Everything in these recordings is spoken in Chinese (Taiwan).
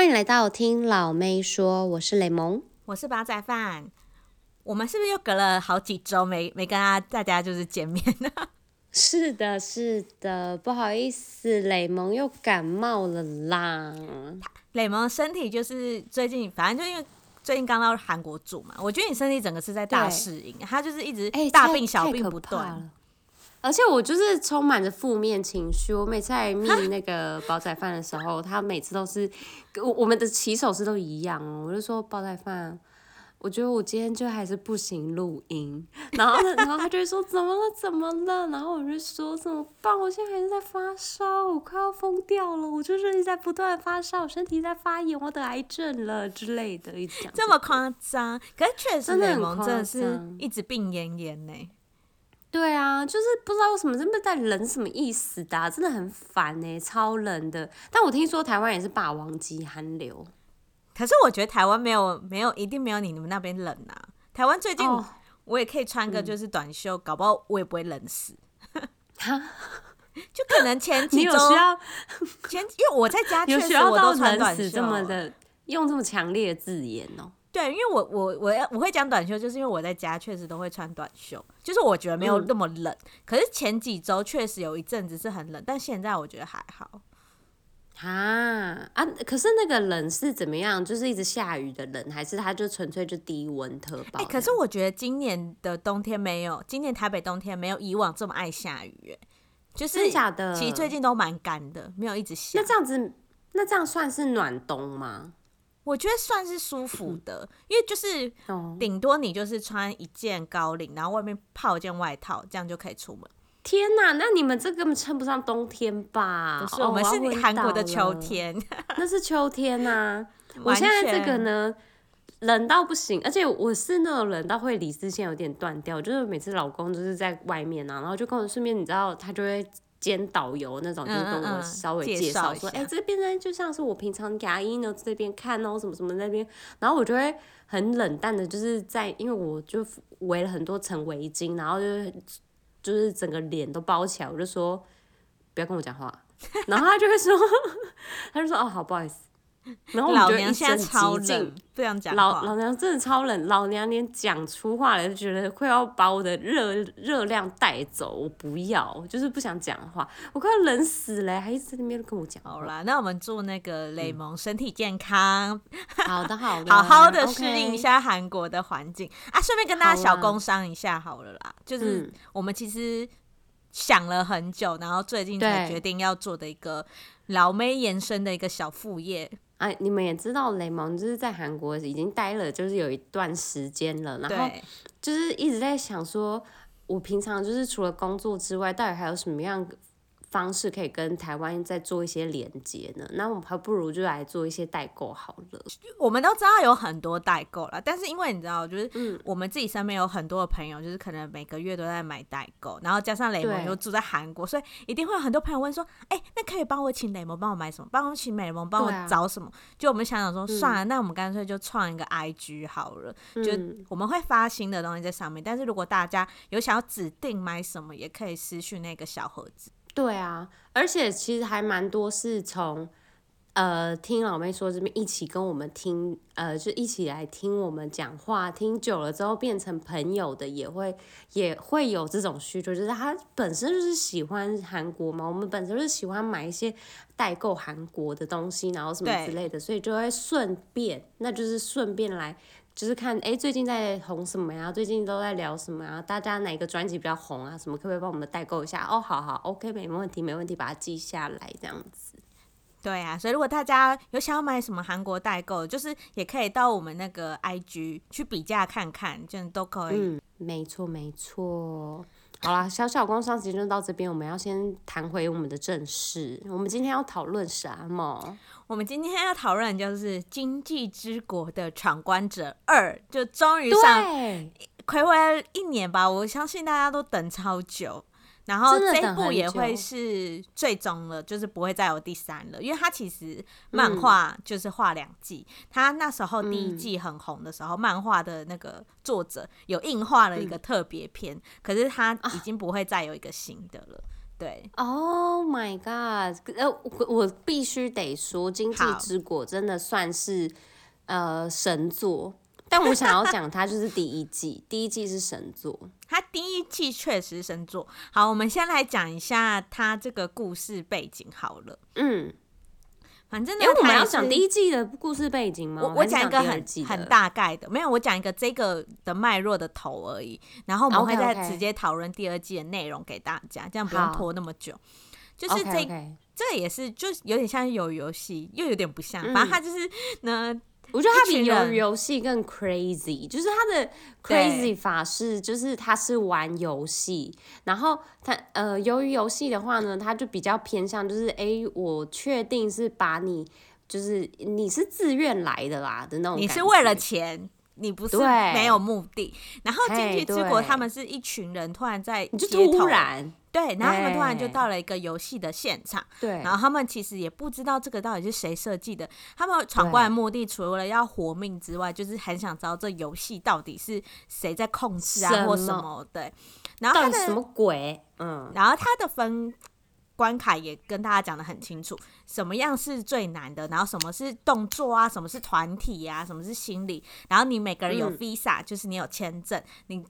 歡迎來到我聽老妹說，我是雷蒙，我是煲仔飯，我們是不是又隔了好幾周沒沒跟他大家就是見面呢？是的，是的，不好意思，雷蒙又感冒了啦。雷蒙身體就是最近，反正就因為最近剛到韓國住嘛，我覺得你身體整個是在大適應，他對就是一直大病，欸，小病不斷。而且我就是充滿着負面情緒，我每次在密那個煲仔飯的時候，哈他每次都是跟我我們的起手式都一樣、哦，我就說煲仔飯，我覺得我今天就還是不行錄音，然後然後他就說怎麼了怎麼了，然後我就說怎麼辦？我現在還是在發燒，我快要瘋掉了，我就是一直在不斷發燒，我身體在發炎，我得癌症了之類的，一直講、這個、這麼誇張。可是確實是很，雷蒙真的是一直病懨懨呢。對啊，就是不知道為什麼這麼在冷，什麼意思的，啊，真的很煩哎，欸，超冷的。但我聽說台灣也是霸王級寒流，可是我覺得台灣沒有沒有一定沒有你你們那邊冷啊。台灣最近我也可以穿個就是短袖，哦嗯，搞不好我也不會冷死。 就可能前幾周你有需要前幾，因為我在家，有時候我都穿短袖，這麼的用這麼強烈的字眼哦，喔。對，因為我我我要我會講短袖，就是因為我在家確實都會穿短袖，就是我覺得沒有那麼冷。嗯、可是前幾周確實有一陣子是很冷，但現在我覺得還好。啊啊！可是那個冷是怎麼樣？就是一直下雨的冷，還是它就純粹就低溫特報？哎、欸，可是我覺得今年的冬天沒有，今年台北冬天沒有以往這麼愛下雨、欸，就是、是假的。其實最近都蠻乾的，沒有一直下。那這樣子，那這樣算是暖冬嗎？我覺得算是舒服的，嗯、因為就是頂多你就是穿一件高領，哦、然後外面套一件外套，這樣就可以出門。天哪、啊，那你們這根本稱不上冬天吧？我們是韓國的秋天，哦、 那是秋天吶、啊。我現在這個呢，全冷到不行，而且我是那種冷到會理智線有點斷掉，就是每次老公就是在外面啊，然後就跟我順便，你知道他就會。兼導遊那種，就是跟我稍微介紹說，哎、嗯嗯，欸，這邊呢就像是我平常牙醫呢這邊看哦、喔，什麼什麼那邊，然後我就會很冷淡的，就是在，因為我就圍了很多層圍巾，然後就就是整個臉都包起來，我就說不要跟我講話，然後他就會說， 他就說哦，好，不好意思。然後我覺得老娘現在超冷，不想講老老娘真的超冷，老娘連講出話來都覺得快要把我的熱熱量帶走，我不要，就是不想講話，我快要冷死了，還一直在那邊跟我講。好啦，那我們祝那個雷蒙，嗯、身體健康，好的好， 好好的適應一下韓國的環境 Okay 啊。順便跟大家小工商一下好了啦，啦就是我們其實想了很久，然後最近才決定要做的一個老妹延伸的一個小副業。哎、啊，你們也知道，雷蒙就是在韓國已經待了，就是有一段時間了，然後就是一直在想說，我平常就是除了工作之外，到底還有什麼樣方式可以跟台灣再做一些連接呢，那我們還不如就來做一些代購好了。我們都知道有很多代購啦，但是因為你知道，就是我們自己身邊有很多的朋友，就是可能每個月都在買代購，嗯、然後加上雷蒙對又住在韓國，所以一定會有很多朋友問說：“哎、欸，那可以幫我請雷蒙幫我買什麼？幫我請美蒙幫我找什麼？”啊、就我們想想說，算了，嗯、那我們乾脆就創一個 IG 好了，嗯、就我們會發新的東西在上面。但是如果大家有想要指定買什麼，也可以私訊那個小盒子。對啊，而且其實還蠻多是從，呃，聽老妹說這邊一起跟我們聽，呃，就一起來聽我們講話，聽久了之後變成朋友的也會也會有這種需求，就是他本身就是喜歡韓國嘛，我們本身就是喜歡買一些代購韓國的東西，然後什麼之類的，對所以就會順便，那就是順便來。就是看哎，欸，最近在紅什麼呀？啊？最近都在聊什麼呀？啊？大家哪個專輯比較紅啊？什麼可不可以幫我們代購一下？哦，好好，OK，沒問題，沒問題，把它記下來，這樣子。對啊，所以如果大家有想要買什麼韓國代購，就是也可以到我們那個 IG 去比價看看，這樣都可以。沒錯，嗯，沒錯。沒好啦，小小工商，集中到這邊。我們要先談回我們的正事。我們今天要討論啥嘛？我們今天要討論就是《今際之國》的闖關者二，就終於上，睽對違了一年吧。我相信大家都等超久。然後這一部也會是最終了，的就是不會再有第三了，因為他其實漫畫就是畫兩季。嗯、他那時候第一季很紅的時候，嗯、漫畫的那個作者有硬畫了一個特別篇，嗯、可是他已經不會再有一個新的了。啊、對，Oh my god！呃，我必須得說，《今際之國》真的算是好呃神作。但我想要講，它就是第一季。 第一季是神作，它第一季確實是神作。好，我們先來講一下它這個故事背景好了。嗯，反正呢，因為我們要講第一季的故事背景嗎？我我講一個很很大概的，沒有，我講一個這個的脈絡的頭而已。然後我們會再直接討論第二季的內容給大家，okay, okay. 這樣不用拖那麼久。好就是這，okay, okay. 這也是就有點像是有遊戲，又有點不像。反正它就是、嗯、呢。我覺得他比魷魚遊戲更 crazy，就是他的 crazy 法是，就是他是玩遊戲，對然後他呃，魷魚遊戲的話呢，他就比較偏向就是，誒，我確定是把你，就是你是自願來的啦、啊、的那種，你是為了錢，你不是沒有目的，對然後《今際之國》他們是一群人突然在，你就突然。對，然後他們突然就到了一個遊戲的現場，對，然後他們其實也不知道這個到底是誰設計的，對他們闖關的目的除了要活命之外，對就是很想知道這遊戲到底是誰在控制啊或什麼，什麼對，然後他的什麼鬼，嗯，然後他的分。關卡也跟大家講得很清楚，什麼樣是最難的，然後什麼是動作啊，什麼是團體呀，啊，什麼是心理，然後你每個人有 visa，嗯，就是你有簽證，你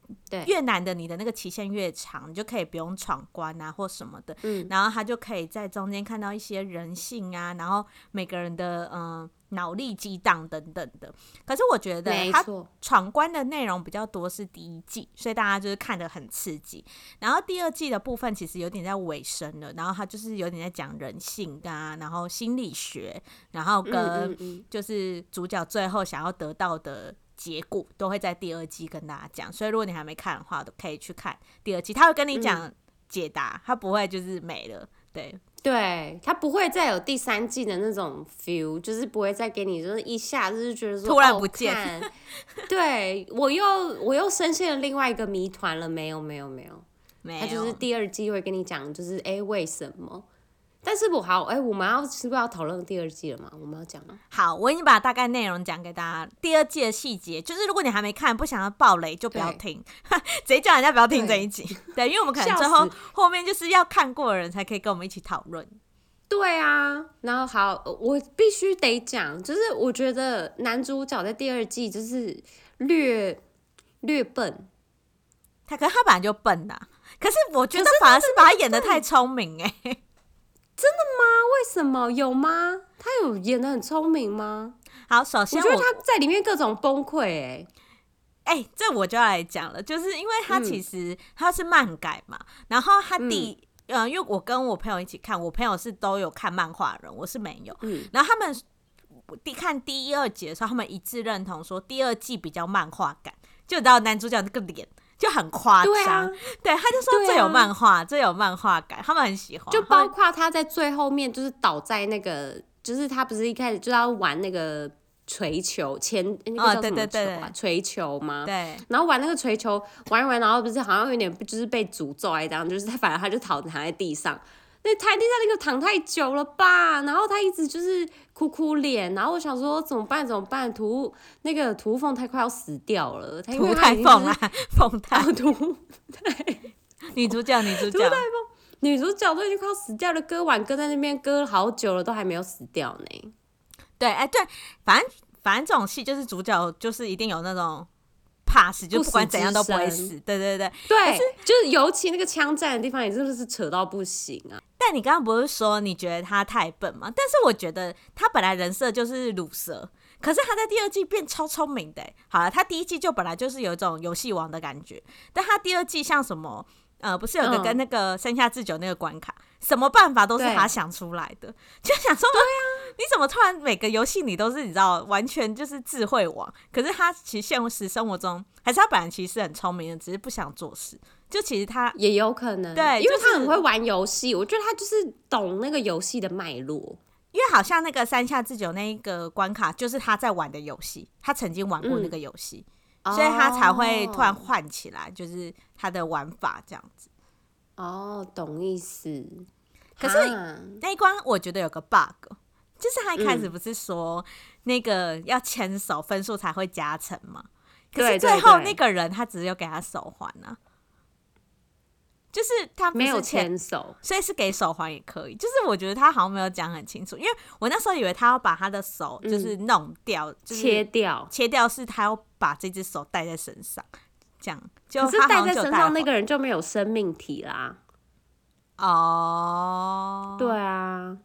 越難的你的那個期限越長，你就可以不用闖關啊或什麼的，嗯，然後他就可以在中間看到一些人性啊，然後每個人的嗯。呃腦力激盪等等的，可是我覺得他闖關的內容比較多是第一季，所以大家就是看得很刺激。然後第二季的部分其實有點在尾聲了，然後他就是有點在講人性啊，然後心理學，然後跟就是主角最後想要得到的結果都會在第二季跟大家講。所以如果你還沒看的話，都可以去看第二季，他會跟你講解答，他不會就是沒了，對。對，他不會再有第三季的那種 feel，就是不會再給你就是一下子就是覺得說突然不見，哦、對我又我又深陷了另外一個謎團了，沒有沒有沒有，沒有沒有他就是第二季會跟你講，就是誒為什麼？但是我好哎、欸，我們要是不是要討論第二季了嘛？我們要講嗎？好，我已經把大概內容講給大家。第二季的細節，就是如果你還沒看，不想要爆雷，就不要聽。對直接叫人家不要聽這一集，對，對，因為我們可能之後死後面就是要看過的人才可以跟我們一起討論。對啊，然後好，我必須得講，就是我覺得男主角在第二季就是略略笨，他可能他本來就笨吶、啊，可是我覺得反而是把他演得太聰明誒、欸。真的嗎？為什麼？有嗎？他有演得很聰明嗎？好，首先我，我覺得他在裡面各種崩潰、欸。哎，誒，這我就要來講了，就是因為他其實他是漫改嘛，嗯、然後他第，嗯、呃，因為我跟我朋友一起看，我朋友是都有看漫畫的人，我是沒有。嗯、然後他們第看第一二集的時候，他們一致認同說第二季比較漫畫感，就你知道男主角那個臉。就很誇張，對，啊、對，他就說這有漫畫，這、啊、有漫畫感，他們很喜歡。就包括他在最後面，就是倒在那個，們就是他不是一開始就要玩那個錘球，前、欸、那個叫什麼球、啊？錘、哦、球嗎？對。然後玩那個錘球，玩一玩，然後不是好像有點不就是被詛咒一樣，就是他，反正他就躺躺在地上。那他一定在那個躺太久了吧？然後他一直就是哭哭臉，然後我想說，怎麼辦？怎麼辦？土那個土鳳，太快要死掉了。土太鳳了、啊，鳳、啊、太土對，女主角，女主角。土女主角都已經快要死掉了，割腕割在那邊割了好久了，都還沒有死掉呢。對，哎、欸，對，反正反正這種戲就是主角就是一定有那種怕死，就不管怎樣都不會死。死對對對，對，是就是尤其那個槍戰的地方也真的是扯到不行啊。但你剛剛不是說你覺得他太笨嗎？但是我覺得他本來人設就是魯蛇，可是他在第二季變超聰明的、欸。好了，他第一季就本來就是有一種遊戲王的感覺，但他第二季像什麼？呃，不是有個跟那個山下智久那個關卡，嗯、什麼辦法都是他想出來的，對就想說，啊、你怎麼突然每個遊戲你都是你知道完全就是智慧王？可是他其實現實生活中還是他本來其實是很聰明的，只是不想做事。就其實他也有可能，對，因為他很會玩遊戲，就是，我覺得他就是懂那個遊戲的脈絡。因為好像那個山下智久那一個關卡，就是他在玩的遊戲，他曾經玩過那個遊戲，嗯、所以他才會突然換起來，就是他的玩法這樣子。哦，懂意思。可是，啊、那一關，我覺得有個 bug，就是他一開始不是說那個要牽手分數才會加成嗎？對對對，可是最後那個人他只有給他手環了，啊就是他是沒有牽手，所以是給手環也可以。就是我覺得他好像沒有講很清楚，因為我那時候以為他要把他的手就是弄掉，嗯、切掉，切掉是他要把這隻手戴在身上，這樣。就可是戴在身上那個人就沒有生命體啦。哦、oh，對啊。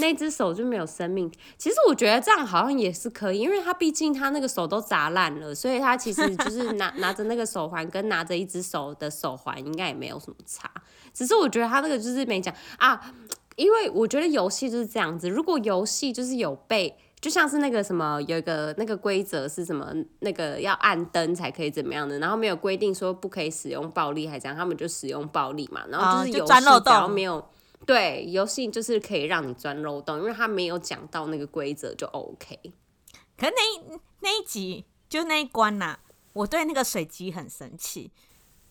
那隻手就沒有生命。其實我覺得這樣好像也是可以，因為他畢竟他那個手都砸爛了，所以他其實就是拿 拿着那個手環跟拿着一隻手的手環應該也沒有什麼差。只是我覺得他那個就是沒講啊，因為我覺得遊戲就是這樣子。如果遊戲就是有被，就像是那個什麼有一個那個規則是什麼，那個要按燈才可以怎麼樣的，然後沒有規定說不可以使用暴力還，還這樣他們就使用暴力嘛，然後就是遊戲只要沒有。對，遊戲就是可以讓你鑽漏洞，因為他沒有講到那個規則就 OK。可是那一那一集就那一關吶、啊，我對那個水機很生氣。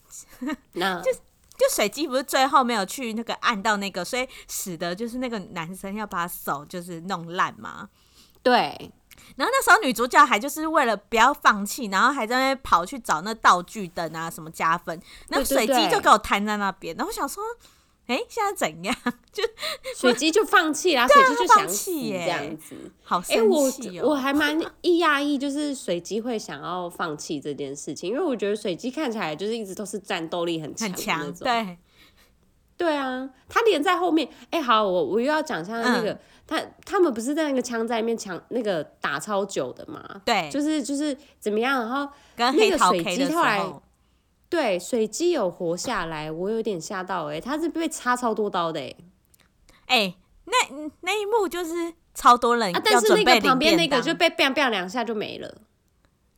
那就就水機不是最後沒有去那個按到那個，所以使得就是那個男生要把手就是弄爛嘛。對。然後那時候女主角還就是為了不要放棄，然後還在那邊跑去找那道具燈啊什麼加分。那水機就給我攤在那邊，對對對，然後我想說，哎、欸，現在怎樣？就水雞就放棄啦，啊、水雞就放棄這樣子，放好生氣、哦欸、我，我還蠻意壓抑，就是水雞會想要放棄這件事情，嗎因為我覺得水雞看起來就是一直都是戰鬥力很強那種。很強，對，對啊，他連在後面。哎、欸，好，我我又要講一下那個，嗯、他他們不是在那個槍在裡面搶那個打超久的嘛？對，就是就是怎麼樣，然後跟那個水雞後來。對，水雞有活下來，我有點嚇到哎、欸，他是被插超多刀的哎、欸欸，那那一幕就是超多人，啊、但是那個旁邊那個就被砰砰兩下就沒了，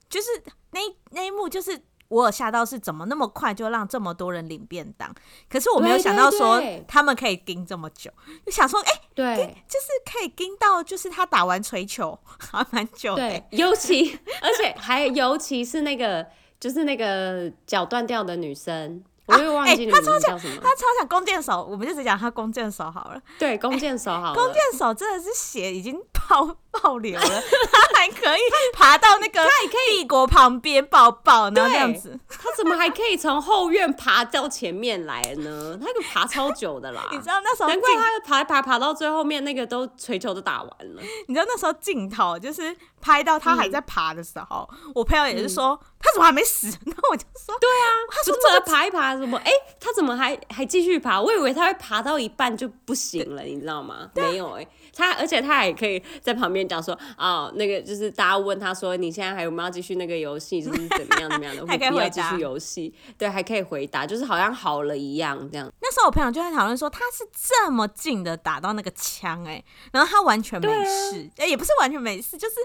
就是那那一幕就是我有嚇到，是怎麼那麼快就讓這麼多人領便當？可是我沒有想到說他們可以撐這麼久，對對對，我想說哎，欸、對，就是可以撐到，就是他打完槌球還蠻久的欸，的，尤其而且還尤其是那個。 就是那個腳斷掉的女生，啊、我又忘記她、欸、超像，她超像弓箭手，我們就只講她弓箭手好了。對，弓箭手好了、欸，弓箭手真的是血已經拋。爆臉了，他還可以爬到那個他也可以帝國旁邊抱抱，然後這樣子， 他怎麼還可以從後院爬到前面來呢？他就爬超久的啦，你知道那時候，難怪他爬一爬爬到最後面那個都錘球都打完了。你知道那時候鏡頭就是拍到他還在爬的時候，嗯、我朋友也是說、嗯、他怎麼還沒死呢？那我就說對啊，他怎麼在爬一爬，什麼？哎、欸，他怎麼還還繼續爬？我以為他會爬到一半就不行了，對你知道嗎？啊、沒有哎、欸，他而且他還可以在旁邊。跟你講說啊、哦，那個就是大家問他說，你現在還有沒有繼續那個遊戲，就是怎麼樣怎麼樣的， 還繼續遊戲？對，還可以回答，就是好像好了一樣這樣。那時候我朋友就在討論說，他是這麼近的打到那個槍哎、欸，然後他完全沒事、啊欸，也不是完全沒事，就是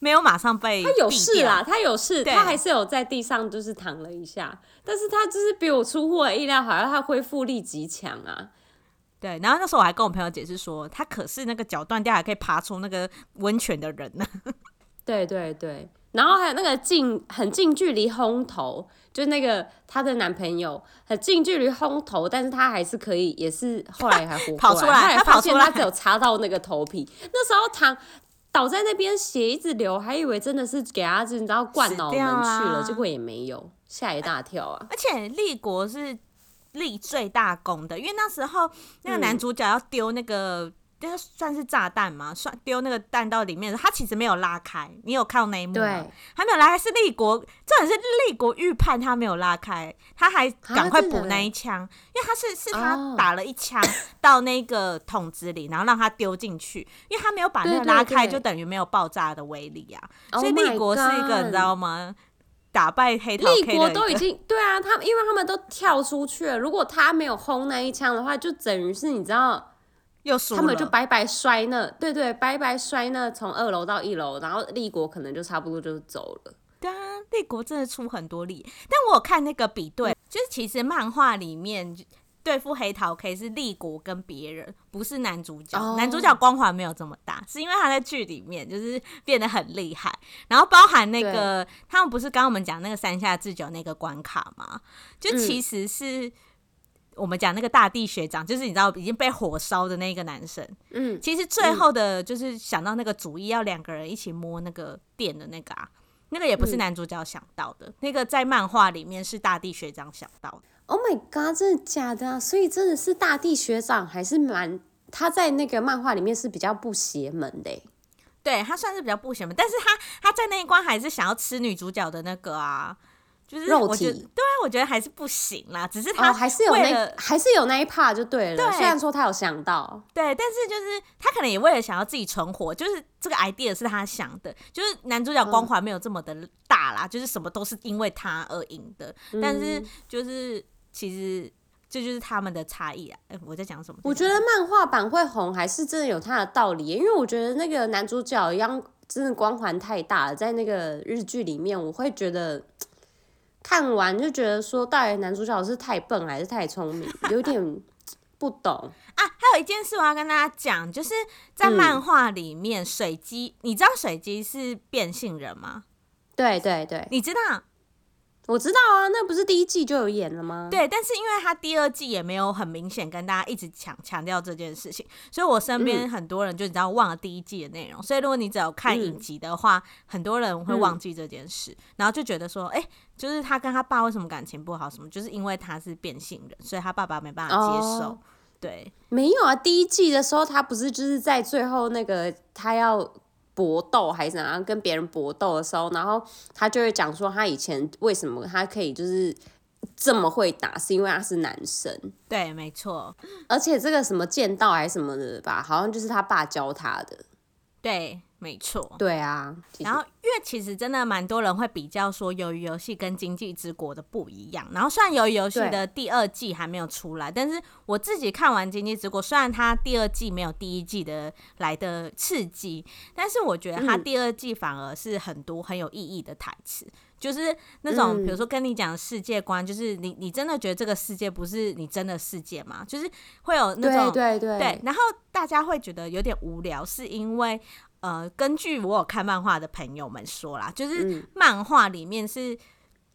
沒有馬上被他有事啦，掉他有事，對他還是有在地上就是躺了一下，但是他就是比我出乎我意料，好像他恢復力極強啊。對，然後那時候我還跟我朋友解釋說，他可是那個腳斷掉還可以爬出那個溫泉的人呢。對對對，然後還有那個近很近距離轟頭，就那個她的男朋友很近距離轟頭，但是他還是可以，也是後來還活過來。 跑出來他發現他只有插到那個頭皮，他那時候躺倒在那邊血一直流，還以為真的是給阿珍，然後灌腦門去了，啊、結果也沒有，嚇一大跳啊！而且立國是，立最大功的，因為那時候那個男主角要丟那個就是、嗯、算是炸彈嘛，算丟那個彈到裡面，他其實沒有拉開。你有看到那一幕嗎？對，還沒有拉開，是立國，重點是立國預判他沒有拉開，他還趕快補那一槍，啊、因為他是是他打了一槍到那個筒子裡，oh, 然後讓他丟進去，因為他沒有把那個拉開，對對對，就等於沒有爆炸的威力啊。所以立國是一個，oh、你知道嗎？打敗黑桃 K 的那一對，立國都已經對啊，他因為他們都跳出去了。如果他沒有轟那一槍的話，就等於是你知道，又他們就白白摔那。對對，白白摔那從二樓到一樓，然後立國可能就差不多就走了。對啊，立國真的出很多力，但我有看那個比對，嗯、就是其實漫畫裡面。對付黑桃 K 是立國跟別人，不是男主角。哦、男主角光環沒有這麼大，是因為他在劇裡面就是變得很厲害。然後包含那個，對他們不是剛剛我們講那個山下智久那個關卡嗎？就其實是我們講那個大地學長，嗯、就是你知道已經被火燒的那個男生。嗯，其實最後的就是想到那個主意，要兩個人一起摸那個電的那個啊，那個也不是男主角想到的，嗯、那個在漫畫裡面是大地學長想到的。Oh my god，真的假的啊？所以真的是大地學長還是蠻，他在那個漫畫裡面是比較不邪門的，欸，對，他算是比較不邪門，但是他他在那一關還是想要吃女主角的那個啊，就是我覺得肉體對啊，我覺得還是不行啦，只是他，哦，還是有那對還是有那一 part 就對了，對雖然說他有想到對，但是就是他可能也為了想要自己存活，就是這個 idea 是他想的，就是男主角光環沒有這麼的大啦，嗯，就是什麼都是因為他而贏的，嗯，但是就是。其實這就，就是他們的差異啊！哎、欸，我在講什麼？什麼我覺得漫畫版會紅，還是真的有它的道理？因為我覺得那個男主角一樣，真的光環太大了。在那個日劇裡面，我會覺得看完就覺得說，到底男主角是太笨還是太聰明？有點不懂 啊！還有一件事我要跟大家講，就是在漫畫裡面水，水雞、嗯，你知道水雞是變性人嗎？對對對，你知道。我知道啊，那不是第一季就有演了嗎？對，但是因為他第二季也沒有很明顯跟大家一直強強調這件事情，所以我身邊很多人就你知道忘了第一季的內容，嗯、所以如果你只要看影集的話，嗯、很多人會忘記這件事，嗯、然後就覺得說，哎、欸，就是他跟他爸為什麼感情不好什麼，就是因為他是變性人，所以他爸爸沒辦法接受。哦、對，沒有啊，第一季的時候他不是就是在最後那個他要。搏鬥還是，然後跟別人搏鬥的時候，然後他就會講說，他以前為什麼他可以就是這麼會打，是因為他是男生。對，沒錯。而且這個什麼劍道還是什麼的吧，好像就是他爸教他的。對，沒錯。對啊，然後因為其實真的蠻多人會比較說《魷魚遊戲》跟《今際之國》的不一樣。然後雖然《魷魚遊戲》的第二季還沒有出來，對但是我自己看完《今際之國》，雖然它第二季沒有第一季的來的刺激，但是我覺得它第二季反而是很多很有意義的台詞。嗯就是那種，比如說跟你講世界觀，嗯、就是你你真的覺得這個世界不是你真的世界嗎？就是會有那種對對對，對，然後大家會覺得有點無聊，是因為呃，根據我有看漫畫的朋友們說啦，就是漫畫裡面是。嗯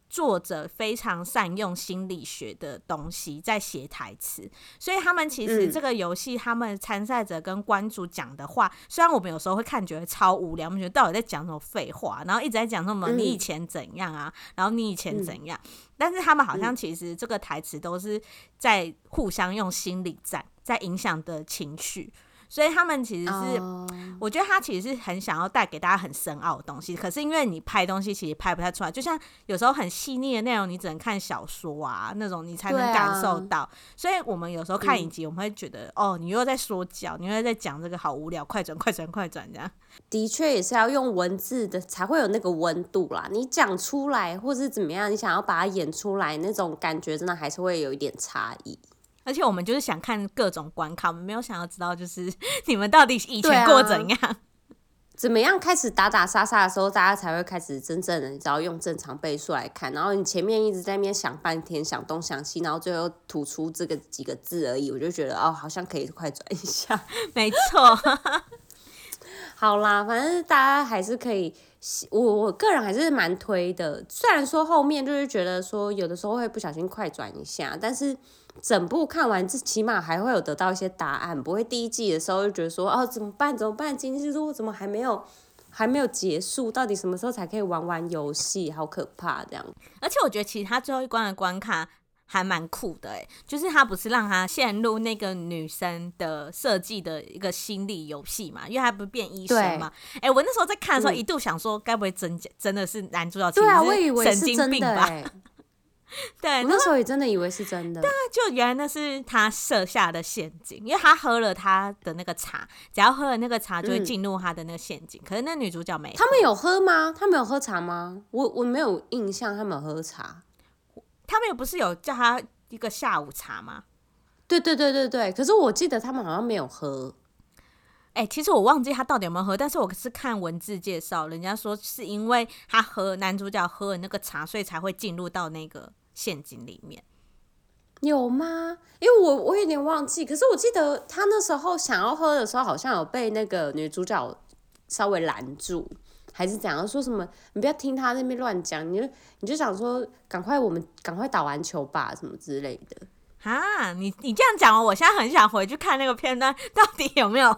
作者非常善用心理學的東西在寫台詞，所以他們其實這個遊戲，他們參賽者跟關主講的話，嗯、雖然我們有時候會看覺得超無聊，我們覺得到底在講什麼廢話，然後一直在講什麼你以前怎樣啊，嗯、然後你以前怎樣，嗯、但是他們好像其實這個台詞都是在互相用心理戰，在影響的情緒。所以他們其實是，我覺得他其實是很想要帶給大家很深奧的東西。可是因為你拍東西其實拍不太出來，就像有時候很細膩的內容，你只能看小說啊那種，你才能感受到。所以我們有時候看影集，我們會覺得哦，你又在說教，你又在講這個，好無聊，快轉快轉快轉這樣。的確也是要用文字的，才會有那個溫度啦。你講出來或是怎麼樣，你想要把它演出來那種感覺，真的還是會有一點差異。而且我們就是想看各種關卡，我們沒有想要知道，就是你們到底以前過怎樣。啊、怎麼樣開始打打殺殺的時候，大家才會開始真正的只要用正常倍數來看。然後你前面一直在那邊想半天，想東想西，然後最後吐出這個幾個字而已，我就覺得哦，好像可以快轉一下， 沒錯。 好啦，反正大家還是可以，我我個人還是蠻推的，雖然說後面就是覺得說有的時候會不小心快轉一下，但是。整部看完，最起碼還會有得到一些答案，不會第一季的時候就覺得說哦，怎麼辦怎麼辦？今際之國怎麼還沒有還沒有結束？到底什麼時候才可以玩玩遊戲？好可怕這樣。而且我覺得其實他最後一關的關卡還蠻酷的哎、欸，就是他不是讓他陷入那個女生的設計的一個心理遊戲嘛？因為他不是變醫生嘛？哎對、欸，我那時候在看的時候一度想說，該不會真對真的是男主角神經病吧？對啊，我以為是真 對，那時候也真的以為是真的，對啊，就原來那是他設下的陷阱，因為他喝了他的那個茶，只要喝了那個茶就會進入他的那個陷阱。嗯，可是那女主角沒，他們有喝嗎？他們有喝茶嗎？我我沒有印象，他們有喝茶，他們也不是有叫他一個下午茶嗎？對對對對對，可是我記得他們好像沒有喝。哎、欸，其實我忘記他到底有沒有喝，但是我可是看文字介紹，人家說是因為他喝男主角喝的那個茶，所以才會進入到那個陷阱裡面。有嗎？因為我我有點忘記，可是我記得他那時候想要喝的時候，好像有被那個女主角稍微攔住，還是怎樣？說什麼你不要聽他那邊亂講，你就你就想說趕快我們趕快打完球吧，什麼之類的。啊，你你這樣講我現在很想回去看那個片段，到底有沒有？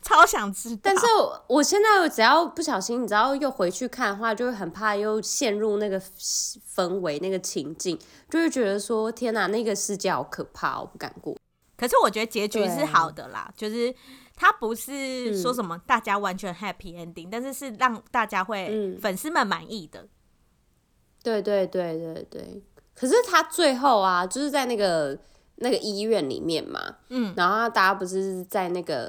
超想知道。但是我現在只要不小心，你知道又回去看的話，就會很怕又陷入那個氛圍、那個情境，就會覺得說天哪、啊，那個世界好可怕，我不敢過。可是我覺得結局是好的啦，對就是它不是說什麼大家完全 happy ending、嗯、但是是讓大家會粉絲們滿意的、嗯。對對對對對。可是他最後啊，就是在那個那個醫院裡面嘛，嗯，然後大家不是在那個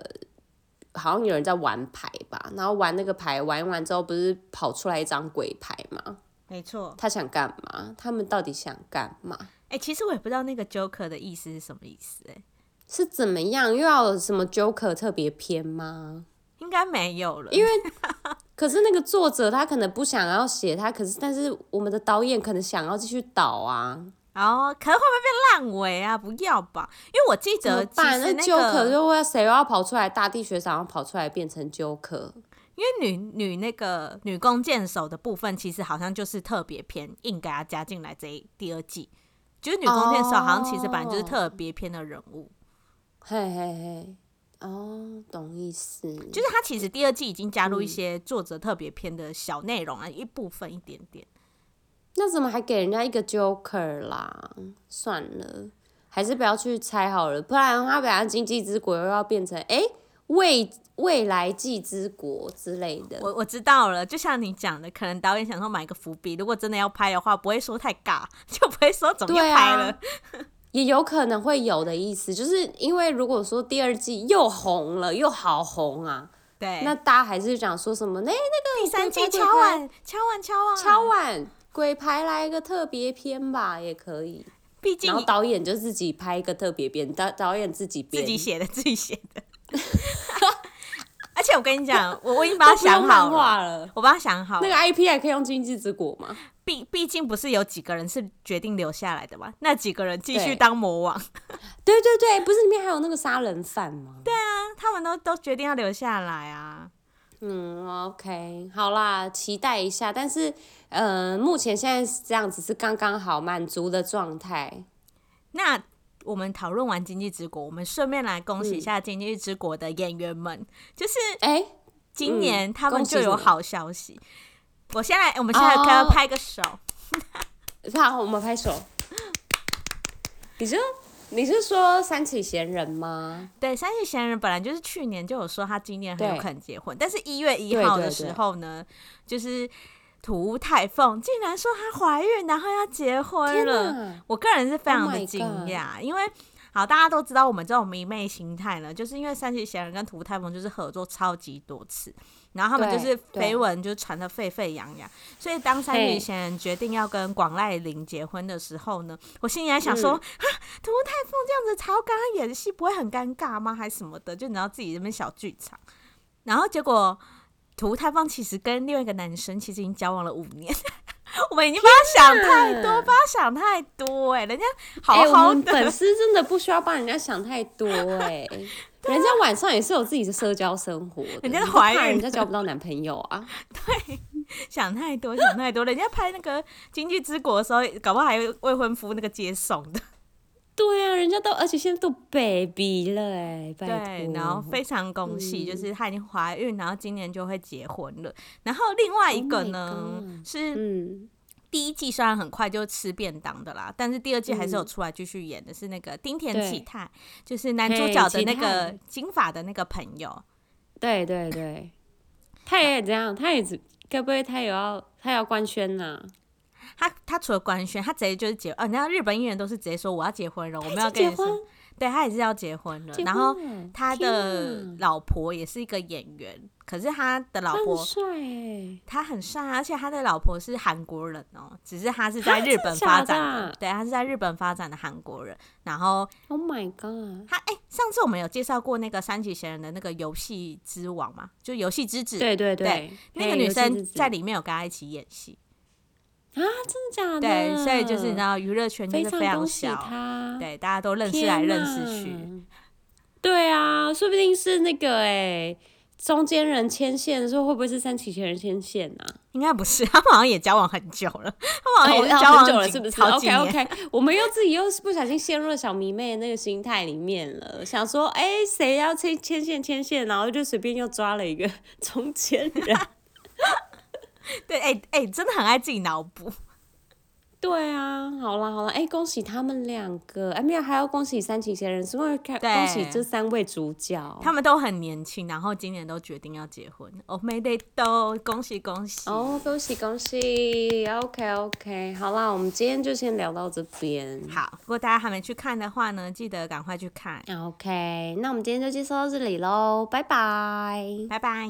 好像有人在玩牌吧，然後玩那個牌玩完之後，不是跑出來一張鬼牌嘛？沒錯。他想幹嘛？他們到底想幹嘛？哎、欸，其實我也不知道那個 Joker 的意思是什麼意思、欸。哎，是怎麼樣？又要什麼 Joker 特別篇嗎？應該沒有了，因為 可是那個作者，他可能不想要寫他，可是但是我們的導演可能想要繼續導啊，然後、哦、可能會不會變爛尾啊？不要吧，因為我記得，反正、那個、就可又會誰要跑出來？大地學長要跑出來變成 Joker，因為女女那個女弓箭手，的部分其實好像就是特別篇，硬給他加進來這一第二季，覺、就、得、是、女弓箭手好像其實本來就是特別篇的人物，哦、嘿嘿嘿。哦，oh, 懂意思。就是他其實第二季已經加入一些作者特別篇的小內容啊，嗯、一部分一點點。那怎麼還給人家一個 Joker 啦？算了，還是不要去猜好了，不然的話，不然今際之國又要變成哎、欸、未未來紀之國之類的。我我知道了，就像你講的，可能導演想說埋個伏筆。如果真的要拍的話，不會說太尬，就不會說怎麼拍了。 也有可能會有的意思，就是因為如果說第二季又紅了，又好紅啊，對，那大家還是想說什麼？那、欸、那個第三季敲碗敲碗敲碗，敲碗，敲，碗敲碗，鬼牌來一個特別篇吧，也可以。畢竟，然後導演就自己拍一個特別篇，導導演自己編，自己寫的自己寫的。 而且我跟你講，我我已經把它想好了，了我把它想好了，那個 IP 還可以用今際之國嗎？畢畢竟不是有幾個人是決定留下來的嘛？那幾個人繼續當魔王。對對對，不是裡面還有那個殺人犯嗎？ 對啊，他們都都決定要留下來啊。嗯，OK，好啦，期待一下。但是，呃，目前現在是這樣子，是剛剛好滿足的狀態。那我們討論完《今際之國》，我們順便來恭喜一下《今際之國》的演員們。嗯、就是，今年他們就有好消息。嗯嗯我先來，我們現在要拍個手。Oh, 好，我們拍手。你是你是說山崎賢人嗎？對，山崎賢人本來就是去年就有說他今年很有可能結婚，對但是一月一號的時候呢，對對對就是土屋太鳳竟然說她懷孕，然後要結婚了。哪我個人是非常的驚訝，oh、因為好大家都知道我們這種迷妹心態呢，就是因為山崎賢人跟土屋太鳳就是合作超級多次。然後他們就是緋聞，就傳的沸沸揚揚。所以當山崎賢人決定要跟廣瀨鈴結婚的時候呢，嘿我心裡還想說：哈是，土屋太鳳這樣子超演戲，超剛剛演的戲不會很尷尬嗎？還是什麼的？就然後自己這邊小劇場。然後結果土屋太鳳其實跟另外一個男生其實已經交往了五年。 我們已經不要想太多，不要，啊、想太多哎，欸，人家好好的。粉絲、欸、真的不需要幫人家想太多哎、欸。 啊、人家晚上也是有自己的社交生活，人家懷孕人家，人家交不到男朋友啊。對， 想太多，想太多了。人家拍那個《今際之國》的時候，搞不好還有未婚夫那個接送的。對啊，人家都，而且現在都 baby 了哎、欸。對，然後非常恭喜，就是她已經懷孕，嗯、然後今年就會結婚了。然後另外一個呢、oh、是。嗯第一季雖然很快就吃便當的啦，但是第二季還是有出來繼續演的，是那個町田啟太，嗯、就是男主角的那個金髮的那個朋友。 對對對，他也這樣，他也，該不會他也要他也要官宣呢？啊？他他除了官宣，他直接就是結哦，你知道日本演員都是直接說，我要結婚了，我們要結婚，對他也是要結婚了。婚了然後他的老婆也是一個演員，啊、可是他的老婆帥，欸、他很帥、啊，而且他的老婆是韓國人哦、喔，只是他是在日本發展的，的對，他是在日本發展的韓國人。然後 Oh my god，他、欸、上次我們有介紹過那個山崎賢人的那個遊戲之王嘛，就《遊戲之子》，對對對，那個女生在裡面有跟他一起演戲。啊，真的假的？對，所以就是你知道，娛樂圈真的非常小。常他對，大家都認識來認識去。對啊，說不定是那個哎、欸，中間人牽線，說會不會是三七情人牽線呢、啊？應該不是，他們好像也交往很久了，他們好像也交往很、欸啊、很久了，是不是？好，OK OK，我們又自己又不小心陷入了小迷妹那個心態裡面了， 想說哎，誰、欸、要牽牽線牽線，然後就隨便又抓了一個中間人。 對，哎、欸、哎、欸，真的很愛自己腦補。對啊，好了好了，哎、欸，恭喜他們兩個，哎、欸、沒有還要恭喜三井仙人，是不是恭喜這三位主角，他們都很年輕，然後今年都決定要結婚，哦，沒得都恭喜恭喜，哦、oh, 恭喜恭喜，OK OK，好啦，我們今天就先聊到這邊，好，如果大家還沒去看的話呢，記得趕快去看，OK，那我們今天就介紹到這裡嘍，拜拜，拜拜。